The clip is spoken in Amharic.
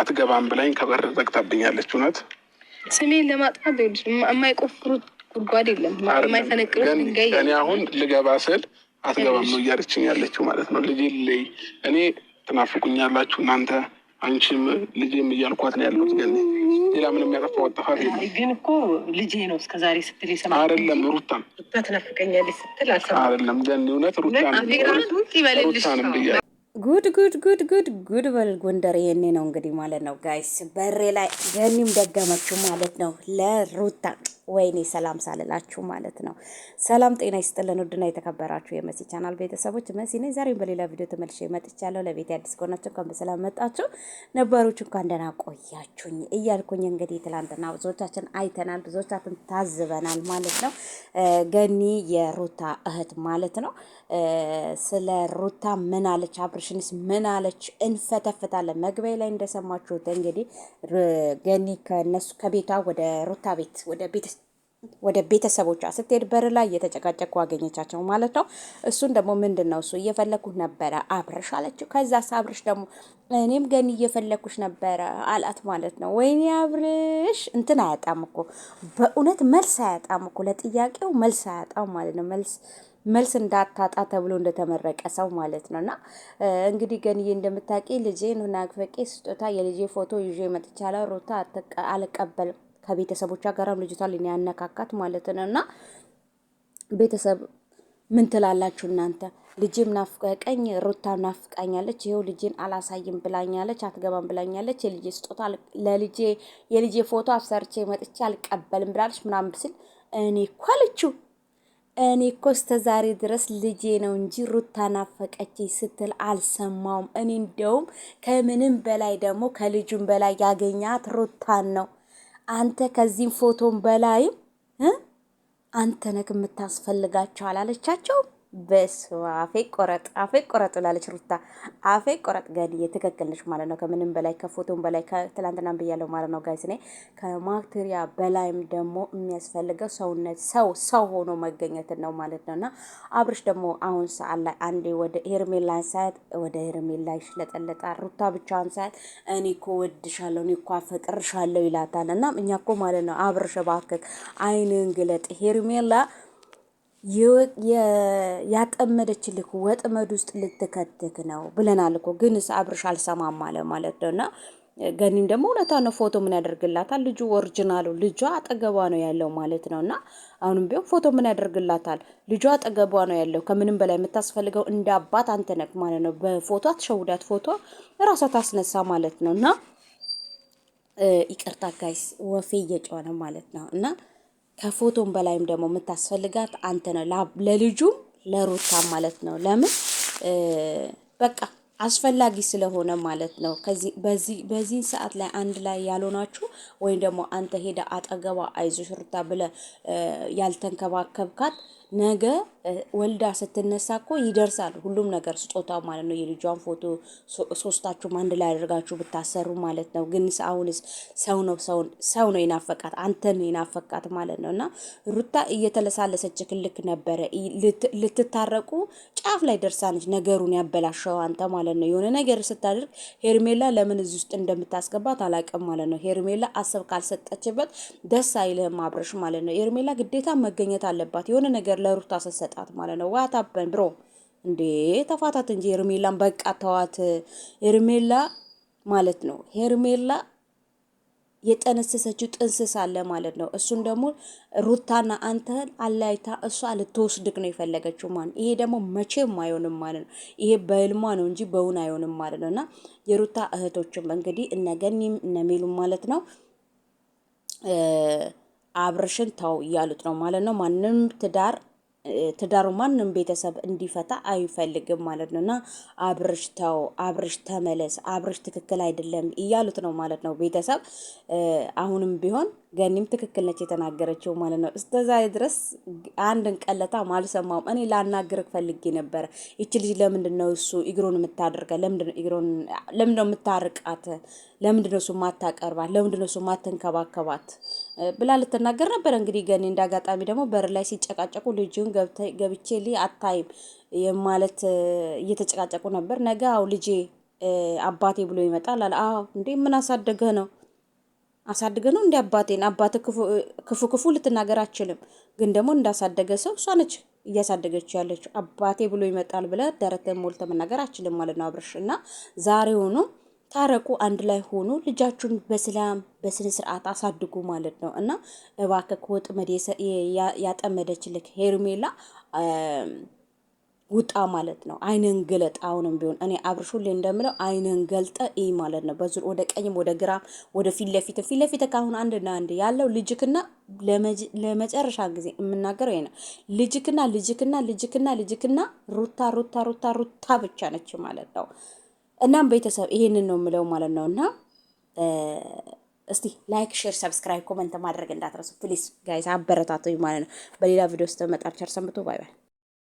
አትገባም ብላኝ ከበር ዘግታብኛለች። እውነት ስሜን ለማጥፋት የማይቆፍሩት ጉድጓድ የለም የማይፈነቅሉት ድንጋይ። እኔ አሁን ልገባ ስል አትገባም ነው እያለችኝ ያለችው ማለት ነው። ልጅ ልይ እኔ ትናፍቁኛላችሁ እናንተ አንቺም ልጄም እያልኳት ነው ያለሁት። ግን ሌላ ምንም ያጠፋው ጥፋት የለም። ግን እኮ ልጄ ነው እስከዛሬ ስትል የሰማሁት አይደለም። ሩታን ትናፍቀኛለች ስትል አልሰማሁም አይደለም። ገኒ እውነት ሩታ ሩታንም ብያ ጉድ ጉድ ጉድ ጉድ ጉድ በል ጎንደር። ይሄኔ ነው እንግዲህ ማለት ነው ጋይስ፣ በሬ ላይ ገኒም ደገመችው ማለት ነው ለሩታ ወይኔ ሰላም ሳልላችሁ ማለት ነው። ሰላም ጤና ይስጥልን ውድና የተከበራችሁ የመሲ ቻናል ቤተሰቦች መሲ ነኝ። ዛሬም በሌላ ቪዲዮ ተመልሼ መጥቻለሁ። ለቤት አዲስ ከሆናችሁ እንኳን በሰላም መጣችሁ፣ ነባሮች እንኳን ደህና ቆያችሁኝ እያልኩኝ እንግዲህ ትላንትና ብዙዎቻችን አይተናል፣ ብዙዎቻችን ታዝበናል ማለት ነው። ገኒ የሩታ እህት ማለት ነው። ስለ ሩታ ምን አለች? አብርሽንስ ምን አለች? እንፈተፍታለን። መግቢያ ላይ እንደሰማችሁት እንግዲህ ገኒ ከነሱ ከቤቷ ወደ ሩታ ቤት ወደ ቤተሰ ወደ ቤተሰቦቿ ስትሄድ በር ላይ እየተጨቃጨቁ አገኘቻቸው ማለት ነው። እሱን ደግሞ ምንድን ነው እሱ እየፈለግኩት ነበረ አብረሽ አለችው። ከዛ አብረሽ ደግሞ እኔም ገኒ እየፈለግኩሽ ነበረ አላት ማለት ነው። ወይኔ አብርሽ እንትን አያጣም እኮ በእውነት መልስ አያጣም እኮ ለጥያቄው መልስ አያጣም ማለት ነው። መልስ መልስ እንዳታጣ ተብሎ እንደተመረቀ ሰው ማለት ነው። እና እንግዲህ ገንዬ እንደምታውቂ ልጄን ናግፈቄ ስጦታ የልጄ ፎቶ ይዤ መጥቻለሁ። ሩታ አልቀበልም ከቤተሰቦቿ ጋራም ልጅቷን ያነካካት ማለት ነው። እና ቤተሰብ ምን ትላላችሁ እናንተ? ልጅም ናፍቀቀኝ፣ ሩታ ናፍቃኛለች፣ ይኸው ልጅን አላሳይም ብላኛለች፣ አትገባም ብላኛለች፣ የልጄ ስጦታ ለልጄ የልጄ ፎቶ አፍሰርቼ መጥቼ አልቀበልም ብላለች ምናምን ስል እኔ እኮ አለችው እኔ እኮ እስከ ዛሬ ድረስ ልጄ ነው እንጂ ሩታ ናፈቀችኝ ስትል አልሰማውም። እኔ እንደውም ከምንም በላይ ደግሞ ከልጁም በላይ ያገኛት ሩታን ነው። አንተ ከዚህም ፎቶን በላይም አንተ ነክ የምታስፈልጋቸው አላለቻቸውም። በስመ አብ አፌ ቆረጥ አፌ ቆረጥ ብላለች ሩታ። አፌ ቆረጥ ጋድዬ ትክክል ነሽ ማለት ነው። ከምንም በላይ ከፎቶም በላይ ከትላንትናም ብያለሁ ማለት ነው ጋይስ። እኔ ከማክቴሪያ በላይም ደግሞ የሚያስፈልገው ሰውነት ሰው ሰው ሆኖ መገኘትን ነው ማለት ነው። እና አብርሽ ደግሞ አሁን ሰዓት ላይ አንዴ ወደ ሄርሜላን ሳያት ወደ ሄርሜላ ይሽለጠለጣል። ሩታ ብቻዋን ሳያት እኔ እኮ ወድሻለሁ እኔ እኮ አፈቅርሻለሁ ይላታል። እና እኛ እኮ ማለት ነው አብርሽ እባክህ አይንህን ግለጥ ሄርሜላ ያጠመደችልህ ወጥመድ ውስጥ ልትከትክ ነው ብለናል እኮ ግን አብርሽ አልሰማም አለ ማለት ነው እና ገኒም ደግሞ እውነታ ነው። ፎቶ ምን ያደርግላታል? ልጁ ኦሪጂናሉ ልጇ አጠገቧ ነው ያለው ማለት ነው እና አሁንም ቢሆን ፎቶ ምን ያደርግላታል? ልጇ አጠገቧ ነው ያለው። ከምንም በላይ የምታስፈልገው እንደ አባት አንተ ነህ ማለት ነው። በፎቶ አትሸውዳት፣ ፎቶ ራሷ ታስነሳ ማለት ነው እና ይቅርታ ጋይስ፣ ወፌ እየጮኸ ነው ማለት ነው እና ከፎቶም በላይም ደግሞ የምታስፈልጋት አንተ ነው፣ ለልጁም ለሩታ ማለት ነው። ለምን በቃ አስፈላጊ ስለሆነ ማለት ነው። በዚህ ሰዓት ላይ አንድ ላይ ያልሆናችሁ ወይም ደግሞ አንተ ሄደ አጠገቧ አይዞሽ ሩታ ብለ ያልተንከባከብካት ነገ ወልዳ ስትነሳ እኮ ይደርሳል ሁሉም ነገር ስጦታው ማለት ነው። የልጇን ፎቶ ሶስታችሁም አንድ ላይ አድርጋችሁ ብታሰሩ ማለት ነው። ግን አሁንስ ሰው ነው ሰው ነው የናፈቃት፣ አንተን የናፈቃት ማለት ነው። እና ሩታ እየተለሳለሰች ክልክ ነበረ። ልትታረቁ ጫፍ ላይ ደርሳነች። ነገሩን ያበላሸው አንተ ማለት ነው። የሆነ ነገር ስታደርግ ሄርሜላ ለምን እዚህ ውስጥ እንደምታስገባት አላውቅም ማለት ነው። ሄርሜላ አሰብ ካልሰጠችበት ደስ አይልህም አብረሽ ማለት ነው። ሄርሜላ ግዴታ መገኘት አለባት የሆነ ነገር ለሩታ ስትሰጣት ማለት ነው። ዋታበን ብሮ እንዴ ተፋታት እንጂ ሄርሜላን በቃ ተዋት። ሄርሜላ ማለት ነው ሄርሜላ የጠነሰሰችው ጥንስስ አለ ማለት ነው። እሱን ደግሞ ሩታና አንተን አላይታ እሷ ልትወስድቅ ነው የፈለገችው ማለት ነው። ይሄ ደግሞ መቼም አይሆንም ማለት ነው። ይሄ በህልሟ ነው እንጂ በእውን አይሆንም ማለት ነው። እና የሩታ እህቶችም እንግዲህ እነገኒም እነሚሉም ማለት ነው አብርሽን ተው እያሉት ነው ማለት ነው። ማንም ትዳር ትዳሩ ማንም ቤተሰብ እንዲፈታ አይፈልግም ማለት ነው። እና አብርሽ ተው፣ አብርሽ ተመለስ፣ አብርሽ ትክክል አይደለም እያሉት ነው ማለት ነው ቤተሰብ። አሁንም ቢሆን ገኒም ትክክል ነች የተናገረችው ማለት ነው። እስከዛሬ ድረስ አንድን ቀለታ አልሰማውም። እኔ ላናግርህ ፈልጌ ነበረ። ይች ልጅ ለምንድን ነው እሱ እግሮን የምታደርገ? ለምንድን ነው የምታርቃት? ለምንድን ነው እሱ ማታቀርባት? ለምንድን ነው እሱ ማትንከባከባት? ብላ ልትናገር ነበር። እንግዲህ ገኔ እንዳጋጣሚ ደግሞ በር ላይ ሲጨቃጨቁ ልጅን ገብቼ ሊ አታይም ማለት እየተጨቃጨቁ ነበር። ነገ አው ልጄ አባቴ ብሎ ይመጣል አለ። አዎ እንዴ ምን አሳደገህ ነው አሳድገ ነው እንዲ አባቴን አባት ክፉ ክፉ ልትናገር አችልም። ግን ደግሞ እንዳሳደገ ሰው እሷ ነች እያሳደገች ያለችው። አባቴ ብሎ ይመጣል ብለ ደረተ ሞልተ መናገር አችልም ማለት ነው አብርሽ እና ዛሬውኑ ታረቁ፣ አንድ ላይ ሆኑ፣ ልጃችሁን በሰላም በስነ ስርዓት አሳድጉ ማለት ነው እና እባክህ ወጥመድ ልክ ሄርሜላ ውጣ ማለት ነው። አይንን ግለጥ። አሁንም ቢሆን እኔ አብርሹ ሁሌ እንደምለው አይንን ገልጠ ይህ ማለት ነው። በዙር ወደ ቀኝም ወደ ግራም ወደ ፊት ለፊት ፊት ለፊት ካሁን አንድና አንድ ያለው ልጅክና ለመጨረሻ ጊዜ የምናገረው ይሄ ነው። ልጅክና ልጅክና ልጅክና ልጅክና ሩታ ሩታ ሩታ ሩታ ብቻ ነች ማለት ነው። እናም ቤተሰብ ይሄንን ነው የምለው ማለት ነው። እና እስቲ ላይክ፣ ሼር፣ ሰብስክራይብ፣ ኮመንት ማድረግ እንዳትረሱ ፕሊስ ጋይስ፣ አበረታቶኝ ማለት ነው። በሌላ ቪዲዮ ውስጥ መጣር ቸር ሰንብቶ ባይ ባይ።